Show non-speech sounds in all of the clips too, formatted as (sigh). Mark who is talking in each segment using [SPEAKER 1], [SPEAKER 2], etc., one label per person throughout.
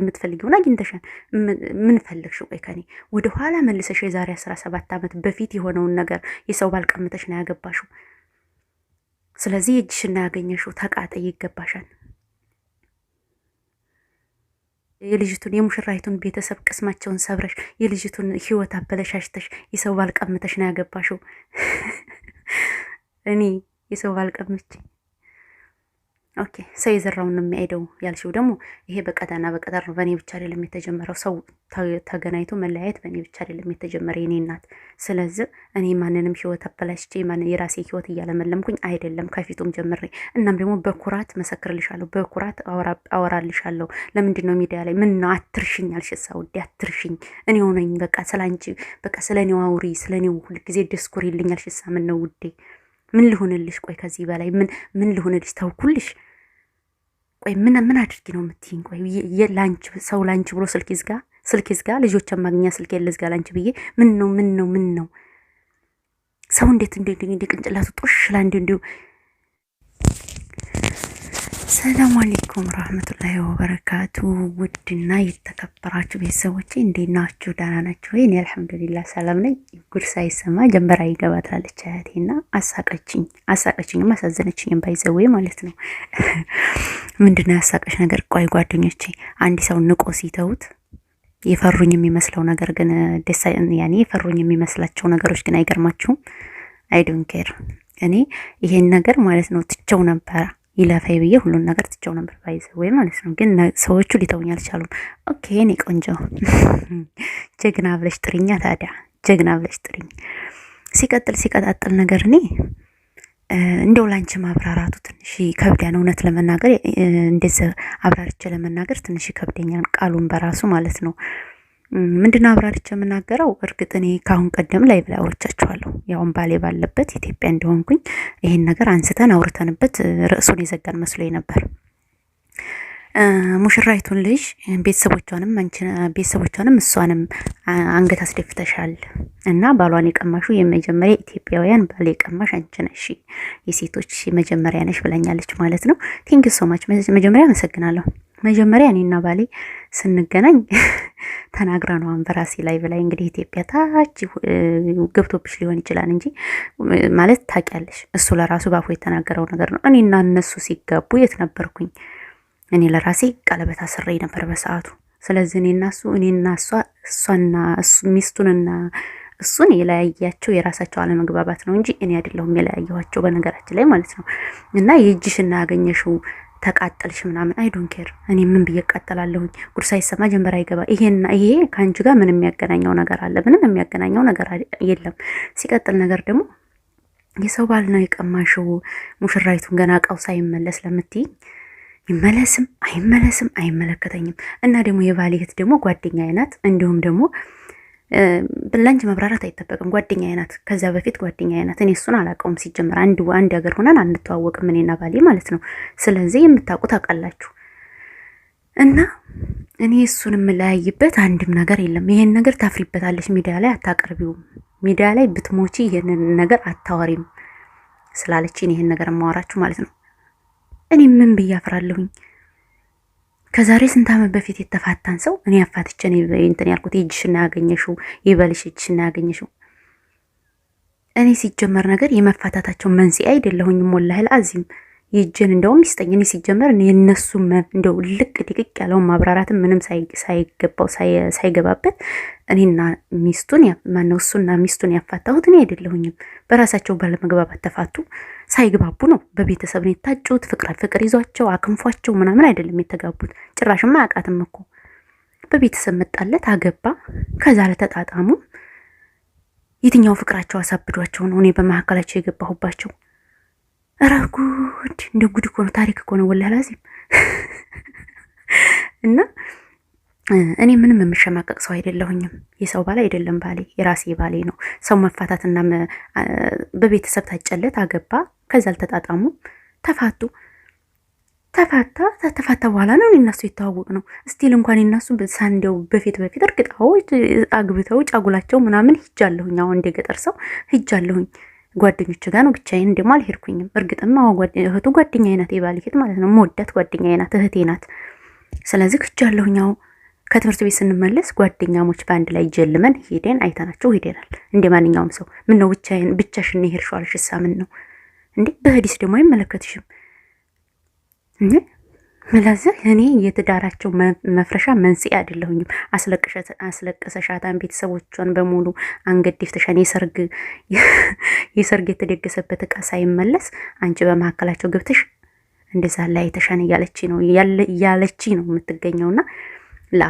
[SPEAKER 1] የምትፈልጊውን አግኝተሻል። ምን ቆይ ከኔ ኋላ መልሰሽ የዛሬ አስራ ሰባት ዓመት በፊት የሆነውን ነገር የሰው ባልቀምተሽ ነው ያገባሽው። ስለዚህ እና ያገኘሽው ተቃጠይ ይገባሻል። የልጅቱን የሙሽራይቱን ቤተሰብ ቅስማቸውን ሰብረሽ የልጅቱን ህይወት አበለሻሽተሽ የሰው ባልቀምተሽ ነው ያገባሽው። (laughs) እኔ የሰው ባልቀምቼ ኦኬ ሰው የዘራውን ነው የሚያሄደው ያልሽው ደግሞ ይሄ በቀዳና በቀጠር ነው። በእኔ ብቻ አይደለም የተጀመረው። ሰው ተገናኝቶ መለያየት በእኔ ብቻ አይደለም የተጀመረ የኔ እናት። ስለዚህ እኔ ማንንም ህይወት አበላሽቼ የራሴ ህይወት እያለመለምኩኝ አይደለም ከፊቱም ጀምሬ። እናም ደግሞ በኩራት መሰክርልሻለሁ፣ በኩራት አወራልሻለሁ። ለምንድን ነው ሚዲያ ላይ ምን ነው አትርሽኝ አልሽሳ ውዴ፣ አትርሽኝ እኔ ሆነኝ በቃ ስለ አንቺ በቃ ስለ እኔው አውሪ ስለ እኔው ሁልጊዜ ደስኩሪልኝ አልሽሳ ምን ነው ውዴ ምን ልሁንልሽ? ቆይ ከዚህ በላይ ምን ምን ልሁንልሽ? ተውኩልሽ። ቆይ ምን ምን አድርጊ ነው የምትይኝ? ቆይ የላንቺ ሰው ላንቺ ብሎ ስልክ ይዝጋ፣ ስልክ ይዝጋ፣ ልጆች ማግኛ ስልክ የለ ዝጋ ላንቺ ብዬ ምን ነው ምን ነው ምን ነው ሰው እንዴት እንዲ ቅንጭላቱ ጦሽ እንዲ እንዲሁ ሰላም አለይኩም ረህመቱላሂ ወበረካቱ። ውድና የተከበራችሁ ቤተሰቦች እንዴት ናችሁ? ደህና ናችሁ ወይ? እኔ አልሐምዱሊላህ ሰላም ነኝ። ጉድ ሳይሰማ ጀንበራ ይገባ ትላለች አያቴና አሳቀችኝ። አሳቀችኝም አሳዘነችኝም ባይዘዌ ማለት ነው። (laughs) ምንድነው ያሳቀች ነገር? ቆይ ጓደኞቼ፣ አንድ ሰው ንቆ ሲተውት የፈሩኝ የሚመስለው ነገር ግን ደስ ያኔ የፈሩኝ የሚመስላቸው ነገሮች ግን አይገርማችሁም? አይዶንኬር እኔ ይሄን ነገር ማለት ነው ትቸው ነበረ ይለፋይ ብዬ ሁሉን ነገር ትቼው ነበር ባይዘ ወይ ማለት ነው። ግን ሰዎቹ ሊተውኝ አልቻሉም። ኦኬ እኔ ቆንጆ (laughs) ጀግና ብለሽ ጥሪኛ፣ ታዲያ ጀግና ብለሽ ጥሪኝ። ሲቀጥል ሲቀጣጥል ነገር እኔ እንደው ላንቺ ማብራራቱ ትንሽ ይከብዳን። እውነት ለመናገር እንደዚ አብራርቼ ለመናገር ትንሽ ይከብደኛል፣ ቃሉን በራሱ ማለት ነው። ምንድነው አብራርቼ የምናገረው? እርግጥ እኔ ከአሁን ቀደም ላይ ብላ አውርቻችኋለሁ። ያውን ባሌ ባለበት ኢትዮጵያ እንደሆንኩኝ ይሄን ነገር አንስተን አውርተንበት ርዕሱን የዘጋን መስሎኝ ነበር። ሙሽራይቱን ልጅ ቤተሰቦቿንም ቤተሰቦቿንም እሷንም አንገት አስደፍተሻል እና ባሏን የቀማሹ የመጀመሪያ ኢትዮጵያውያን ባል የቀማሽ አንቺ ነሽ፣ የሴቶች መጀመሪያ ነሽ ብላኛለች ማለት ነው። ቲንክ ሶማች መጀመሪያ አመሰግናለሁ። መጀመሪያ እኔና ባሌ ስንገናኝ ተናግራ ነው አንበራሲ ላይ ብላይ እንግዲህ ኢትዮጵያ ታች ገብቶብሽ ሊሆን ይችላል እንጂ ማለት ታውቂያለሽ፣ እሱ ለራሱ ባፎ የተናገረው ነገር ነው። እኔና እነሱ ሲጋቡ የት ነበርኩኝ? እኔ ለራሴ ቀለበት አስሬ ነበር በሰዓቱ። ስለዚህ እኔና እሱ እኔና እሷ እሷና ሚስቱንና እሱን የለያያቸው የራሳቸው አለመግባባት ነው እንጂ እኔ አይደለሁም የለያየኋቸው፣ በነገራችን ላይ ማለት ነው። እና የእጅሽና ያገኘሽው ተቃጠልሽ ምናምን አይ ኬር እኔ ምን ብዬ እቃጠላለሁኝ? ጉድ ሳይሰማ ጀንበር አይገባ። ይሄና ይሄ ከአንቺ ጋር ምን የሚያገናኘው ነገር አለ? ምንም የሚያገናኘው ነገር የለም። ሲቀጥል ነገር ደግሞ የሰው ባል ነው የቀማሽው። ሙሽራይቱን ገና እቃው ሳይመለስ ለምትይኝ ይመለስም አይመለስም አይመለከተኝም። እና ደግሞ የባሌ እህት ደግሞ ጓደኛዬ ናት እንዲሁም ደግሞ ለአንቺ መብራራት አይጠበቅም። ጓደኛ አይነት ከዚያ በፊት ጓደኛ አይነት እኔ እሱን አላውቀውም ሲጀምር፣ አንድ አንድ ሀገር ሆነን አንተዋወቅም እኔና ባሌ ማለት ነው። ስለዚህ የምታውቁ ታውቃላችሁ። እና እኔ እሱን የምለያይበት አንድም ነገር የለም። ይሄን ነገር ታፍሪበታለች፣ ሚዲያ ላይ አታቀርቢውም፣ ሚዲያ ላይ ብትሞቺ ይሄንን ነገር አታወሪም ስላለችን ይሄን ነገር ማወራችሁ ማለት ነው። እኔ ምን ብዬ አፍራለሁኝ? ከዛሬ ስንት ዓመት በፊት የተፋታን ሰው እኔ አፋትቸን እንትን ያልኩት የእጅሽና ያገኘሽው ይበልሽ እጅሽና ያገኘሽው እኔ ሲጀመር ነገር የመፋታታቸው መንስኤ አይደለሁኝም። ወላሂል አዚም የእጅን እንደውም ይስጠኝ። እኔ ሲጀመር የነሱ እንደው ልቅ ድቅቅ ያለውን ማብራራትን ምንም ሳይገባው ሳይገባበት እኔና ሚስቱን ማነው እሱና ሚስቱን ያፋታሁት እኔ አይደለሁኝም። በራሳቸው ባለመግባባት ተፋቱ። ሳይግባቡ ነው። በቤተሰብ ነው የታጩት። ፍቅረ ፍቅር ይዟቸው አክንፏቸው ምናምን አይደለም የተጋቡት። ጭራሽማ አያውቃትም እኮ በቤተሰብ መጣለት፣ አገባ። ከዛ ለተጣጣሙ የትኛው ፍቅራቸው አሳብዷቸው ነው እኔ በመካከላቸው የገባሁባቸው? ኧረ ጉድ! እንደ ጉድ እኮ ነው ታሪክ እኮ ነው ወላሂ ላዚም (laughs) እና እኔ ምንም የምሸማቀቅ ሰው አይደለሁኝም። የሰው ባል አይደለም ባሌ፣ የራሴ ባሌ ነው። ሰው መፋታትና በቤተሰብ ታጨለት አገባ፣ ከዚ አልተጣጣሙ፣ ተፋቱ። ተፋታ ተፋታ በኋላ ነው እነሱ የተዋወቅ ነው። እስቲል እንኳን እናሱ ሳንዴው በፊት በፊት እርግጣው አግብተው ጫጉላቸው ምናምን ሂጃለሁኝ። አሁን እንደ ገጠር ሰው ሂጃለሁኝ። ጓደኞች ጋር ነው ብቻዬን እንደማ አልሄድኩኝም። እርግጥም እህቱ ጓደኛ አይነት የባል ማለት ነው። መወዳት ጓደኛ አይነት እህቴ ናት። ስለዚህ ሂጃለሁኝ አሁን ከትምህርት ቤት ስንመለስ ጓደኛሞች በአንድ ላይ ጀልመን ሄደን አይተናቸው ሄደናል። እንደ ማንኛውም ሰው ምን ነው ብቻዬን ብቻሽን የሄድሽው አልሽሳ ምን ነው እንዴ? በህዲስ ደግሞ አይመለከትሽም ስለዚህ እኔ የትዳራቸው መፍረሻ መንስኤ አይደለሁኝም። አስለቀሰሻታን ቤተሰቦቿን በሙሉ አንገት የሰርግ (laughs) የሰርግ የተደገሰበት እቃ ሳይመለስ አንቺ በመካከላቸው ገብተሽ እንደዛ ላይ ተሻን እያለች ነው እያለች ነው የምትገኘውና ላ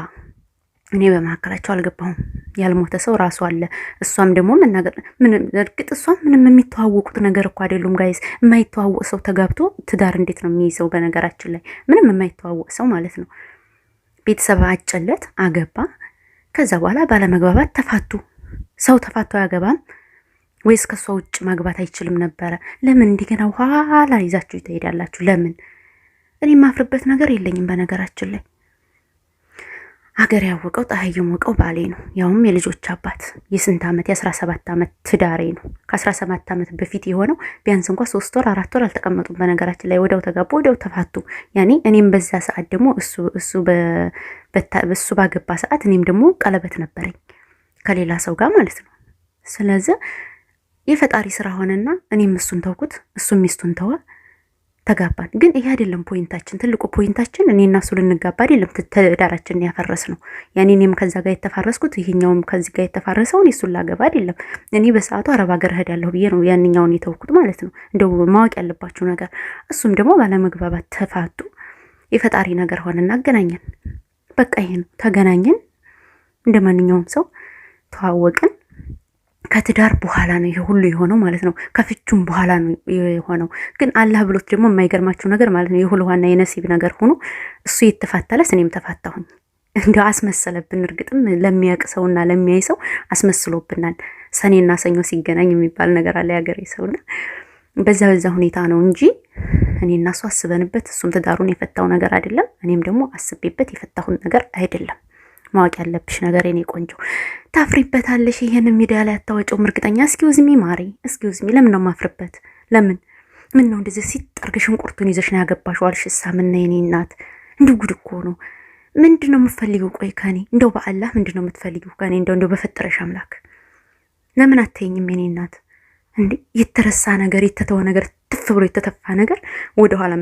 [SPEAKER 1] እኔ በመካከላቸው አልገባሁም። ያልሞተ ሰው ራሱ አለ። እሷም ደግሞ መናገር ምንም እርግጥ እሷም ምንም የሚተዋወቁት ነገር እኮ አይደሉም ጋይስ። የማይተዋወቅ ሰው ተጋብቶ ትዳር እንዴት ነው የሚይዘው? በነገራችን ላይ ምንም የማይተዋወቅ ሰው ማለት ነው። ቤተሰብ አጨለት፣ አገባ። ከዛ በኋላ ባለመግባባት ተፋቱ። ሰው ተፋቶ አያገባም ወይስ ከእሷ ውጭ ማግባት አይችልም ነበረ? ለምን እንደገና ኋላ ይዛችሁ ትሄዳላችሁ? ለምን? እኔ የማፍርበት ነገር የለኝም በነገራችን ላይ ሀገር ያወቀው ፀሐይ የሞቀው ባሌ ነው። ያውም የልጆች አባት የስንት ዓመት የአስራ ሰባት ዓመት ትዳሬ ነው። ከ ከ17 ዓመት በፊት የሆነው ቢያንስ እንኳ ሶስት ወር አራት ወር አልተቀመጡም። በነገራችን ላይ ወደው ተጋቡ፣ ወደው ተፋቱ። ያኔ እኔም በዛ ሰዓት ደግሞ እሱ ባገባ ሰዓት እኔም ደግሞ ቀለበት ነበረኝ ከሌላ ሰው ጋር ማለት ነው። ስለዚህ የፈጣሪ ስራ ሆነና እኔም እሱን ተውኩት፣ እሱም ሚስቱን ተወ። ተጋባን። ግን ይሄ አይደለም ፖይንታችን። ትልቁ ፖይንታችን እኔ እና እሱ ልንጋባ አይደለም ትዳራችንን ያፈረስ ነው። ያኔ እኔም ከዛ ጋር የተፋረስኩት ይሄኛውም ከዚህ ጋር የተፋረሰውን እሱን ላገባ አይደለም። እኔ በሰዓቱ አረብ ሀገር እሄዳለሁ ብዬ ነው ያንኛውን የተወኩት ማለት ነው። እንደው ማወቅ ያለባችሁ ነገር እሱም ደግሞ ባለመግባባት ተፋቱ። የፈጣሪ ነገር ሆነ እናገናኘን። በቃ ይሄ ነው። ተገናኘን፣ እንደ ማንኛውም ሰው ተዋወቅን። ከትዳር በኋላ ነው ይሄ ሁሉ የሆነው ማለት ነው። ከፍቹም በኋላ ነው የሆነው። ግን አላህ ብሎት ደግሞ የማይገርማችሁ ነገር ማለት ነው ዋና የነሲብ ነገር ሆኖ እሱ የተፋታለስ እኔም ተፋታሁኝ። እንዲያው አስመሰለብን። እርግጥም ለሚያውቅ ሰውና ለሚያይ ሰው አስመስሎብናል። ሰኔና ሰኞ ሲገናኝ የሚባል ነገር አለ የሀገሬ ሰውና በዛ በዛ ሁኔታ ነው እንጂ እኔ እና እሱ አስበንበት እሱም ትዳሩን የፈታው ነገር አይደለም። እኔም ደግሞ አስቤበት የፈታሁን ነገር አይደለም። ማወቅ ያለብሽ ነገር የኔ ቆንጆ፣ ታፍሪበታለሽ። ይህን ሚዲያ ላይ አታወጪውም እርግጠኛ። እስኪውዝ ማሪ፣ እስኪውዝ ለምን ነው ማፍርበት? ለምን ምን ነው እንደዚህ ሲጠርግሽ ሽንቁርቱን ይዘሽ ነው ያገባሽው? አልሽሳ ምን ነው የኔ እናት፣ እንዲ ጉድ እኮ ነው። ምንድን ነው የምትፈልጊው? ቆይ ከኔ እንደው በአላህ ምንድን ነው የምትፈልጊው ከኔ? እንደው እንደው በፈጠረሽ አምላክ ለምን አትይኝም የኔ እናት? እንዴ የተረሳ ነገር የተተወ ነገር ትፍ ብሎ የተተፋ ነገር ወደኋላ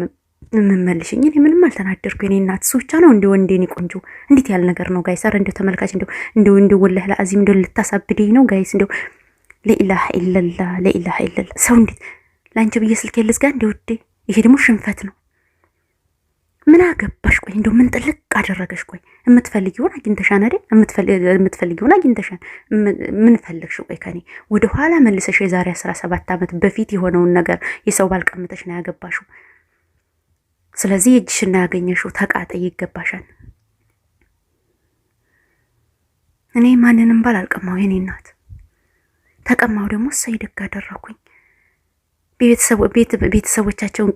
[SPEAKER 1] የምመልሽኝ እኔ ምንም አልተናደርኩ። የኔ እናት ሶቻ ነው እንዲ ወንዴ፣ እኔ ቆንጆ፣ እንዴት ያለ ነገር ነው ጋይስ? ኧረ እንዲው ተመልካች እንዲው እንዲው እንዲው ወላህ ለአዚም እንዲው ልታሳብደኝ ነው ጋይስ። እንዲው ለኢላህ ኢለላ ለኢላህ ኢለላ ሰው እንዴት ለአንቺ ብዬ ስልክ የልዝጋ እንዲ ውዴ። ይሄ ደግሞ ሽንፈት ነው። ምን አገባሽ? ቆይ እንደው ምን ጥልቅ አደረገሽ? ቆይ የምትፈልጊውን አግኝተሻን አይደል? የምትፈልጊውን አግኝተሻን። ምን ፈልግሽ? ቆይ ከኔ ወደኋላ መልሰሽ የዛሬ አስራ ሰባት ዓመት በፊት የሆነውን ነገር የሰው ባልቀምተሽ ነው ያገባሽው። ስለዚህ እጅሽና ያገኘሽው ተቃጠይ ይገባሻል። እኔ ማንንም ባል አልቀማው የኔ እናት ተቀማው ደግሞ እሰይ ደግ አደረኩኝ። ቤተሰቦቻቸውን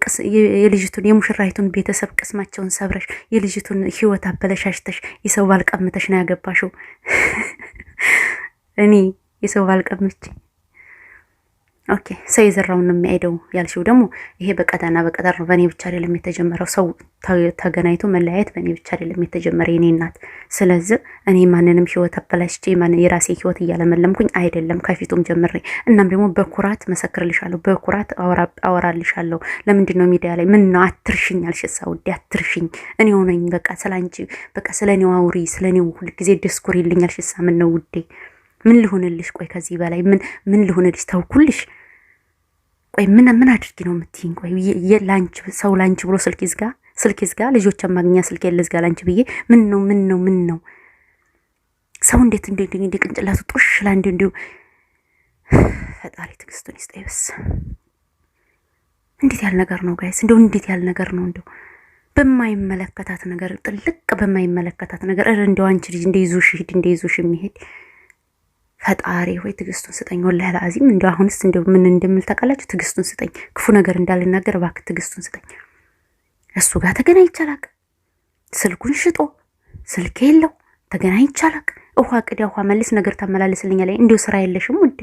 [SPEAKER 1] የልጅቱን የሙሽራይቱን ቤተሰብ ቅስማቸውን ሰብረሽ የልጅቱን ህይወት አበለሻሽተሽ የሰው ባልቀምተሽ ነው ያገባሽው። (laughs) እኔ የሰው ባልቀምቼ ኦኬ ሰው የዘራውን ነው የሚያሄደው ያልሽው ደግሞ ይሄ በቀዳና በቀጠር ነው። በእኔ ብቻ አይደለም የተጀመረው። ሰው ተገናኝቶ መለያየት በእኔ ብቻ አይደለም የተጀመረ የኔ እናት። ስለዚህ እኔ ማንንም ህይወት አበላሽቼ የራሴ ህይወት እያለመለምኩኝ አይደለም ከፊቱም ጀምሬ። እናም ደግሞ በኩራት መሰክርልሻለሁ፣ በኩራት አወራልሻለሁ። ለምንድን ነው ሚዲያ ላይ ምን ነው አትርሽኝ አልሽሳ ውዴ፣ አትርሽኝ እኔ ሆነኝ በቃ ስለ አንቺ በቃ ስለ እኔው አውሪ ስለ እኔው ሁልጊዜ ደስኩሪልኝ አልሽሳ ምን ነው ውዴ ምን ልሆንልሽ? ቆይ ከዚህ በላይ ምን ምን ልሆንልሽ? ተውኩልሽ። ቆይ ምን ምን አድርጊ ነው የምትይኝ? ቆይ ላንቺ ሰው ላንቺ ብሎ ስልክ ይዝጋ፣ ስልክ ይዝጋ፣ ልጆች ማግኛ ስልክ የለ ዝጋ ላንቺ ብዬ ምን ነው ምን ነው ምን ነው ሰው እንዴት እንዲ እንዲ ቅንጭላቱ ጦሽ ላንዲ እንዲሁ ፈጣሪ ትግስቱን ይስጠ ይበስ እንዴት ያል ነገር ነው ጋይስ? እንደው እንዴት ያል ነገር ነው እንደው በማይመለከታት ነገር ጥልቅ በማይመለከታት ነገር እረ እንደው አንቺ ልጅ እንደ ይዞሽ ሂድ እንደ ይዞሽ የሚሄድ ፈጣሪ ሆይ ትግስቱን ስጠኝ። ወላሂ ለአዚም እንዲ አሁንስ እንዲ ምን እንደምል ታውቃላችሁ? ትግስቱን ስጠኝ፣ ክፉ ነገር እንዳልናገር እባክህ ትግስቱን ስጠኝ። እሱ ጋር ተገናኝቼ አላውቅም። ስልኩን ሽጦ ስልክ የለው ተገናኝቼ አላውቅም። ውሃ ቅድ ውሃ መልስ ነገር ላይ እንዲሁ ስራ የለሽም ውዴ?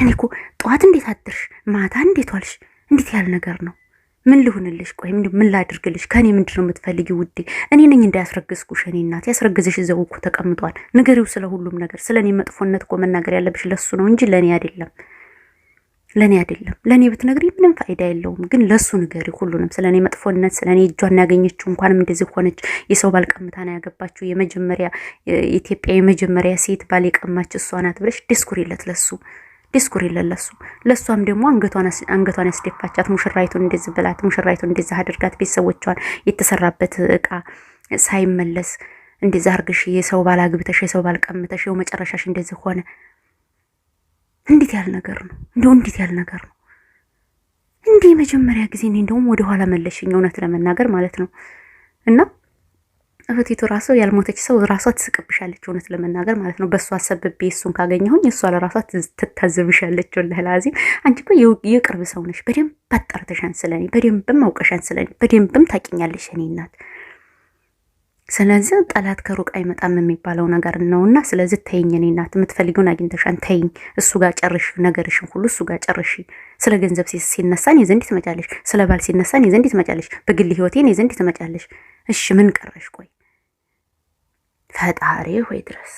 [SPEAKER 1] እኔ እኮ ጠዋት እንዴት አድርሽ፣ ማታ እንዴት ዋልሽ፣ እንዴት ያለ ነገር ነው ምን ልሁንልሽ? ቆይ ምን ላድርግልሽ? ከእኔ ምንድን ነው የምትፈልጊው? ውዴ እኔ ነኝ እንዳያስረግዝኩሽ። እኔ እናት ያስረግዝሽ እዛው እኮ ተቀምጧል። ንገሪው ስለ ሁሉም ነገር። ስለ እኔ መጥፎነት እኮ መናገር ያለብሽ ለሱ ነው እንጂ ለእኔ አይደለም ለእኔ አይደለም። ለእኔ ብትነግሪ ምንም ፋይዳ የለውም፣ ግን ለሱ ንገሪ ሁሉንም። ስለ እኔ መጥፎነት፣ ስለ እኔ እጇን ያገኘችው እንኳንም እንደዚህ ሆነች፣ የሰው ባል ቀምታ ነው ያገባችው፣ የመጀመሪያ ኢትዮጵያ የመጀመሪያ ሴት ባል የቀማች እሷ ናት ብለሽ ዲስኩሪለት ለሱ ዲስኩር ይለለሱ ለሷም ለእሷም ደግሞ አንገቷን ያስደፋቻት ሙሽራይቱን እንደዚህ ብላት ሙሽራይቱን እንደዚህ አድርጋት ቤተሰቦቿን የተሰራበት እቃ ሳይመለስ እንደዚህ አርግሽ የሰው ባል አግብተሽ የሰው ባል ቀምተሽ የው መጨረሻሽ እንደዚህ ሆነ። እንዴት ያል ነገር ነው! እንዲሁ እንዴት ያል ነገር ነው! እንዲህ የመጀመሪያ ጊዜ እኔ እንደውም ወደኋላ መለሽኝ እውነት ለመናገር ማለት ነው እና እህቲቱ ራሱ ያልሞተች ሰው ራሷ ትስቅብሻለች፣ እውነት ለመናገር ማለት ነው። በእሷ ሰብቤ እሱን ካገኘሁኝ እሷ ለራሷ ትታዝብሻለች። ለላዚም አንቺ እኮ የቅርብ ሰው ነሽ። በደንብ አጣርተሻን ስለኔ፣ በደንብም አውቀሻን ስለኔ፣ በደንብም ታውቂኛለሽ እኔ እናት ስለዚህ ጠላት ከሩቅ አይመጣም የሚባለው ነገር ነውና፣ ስለዚህ ተይኝ፣ እኔ እናት የምትፈልጊውን አግኝተሻን፣ ተይኝ፣ እሱ ጋር ጨርሽ፣ ነገርሽን ሁሉ እሱ ጋር ጨርሽ። ስለ ገንዘብ ሲነሳ እኔ ዘንድ ትመጫለሽ፣ ስለ ባል ሲነሳ እኔ ዘንድ ትመጫለሽ፣ በግል ህይወቴ እኔ ዘንድ ትመጫለሽ። እሺ ምን ቀረሽ? ቆይ ፈጣሪ ሆይ ድረስ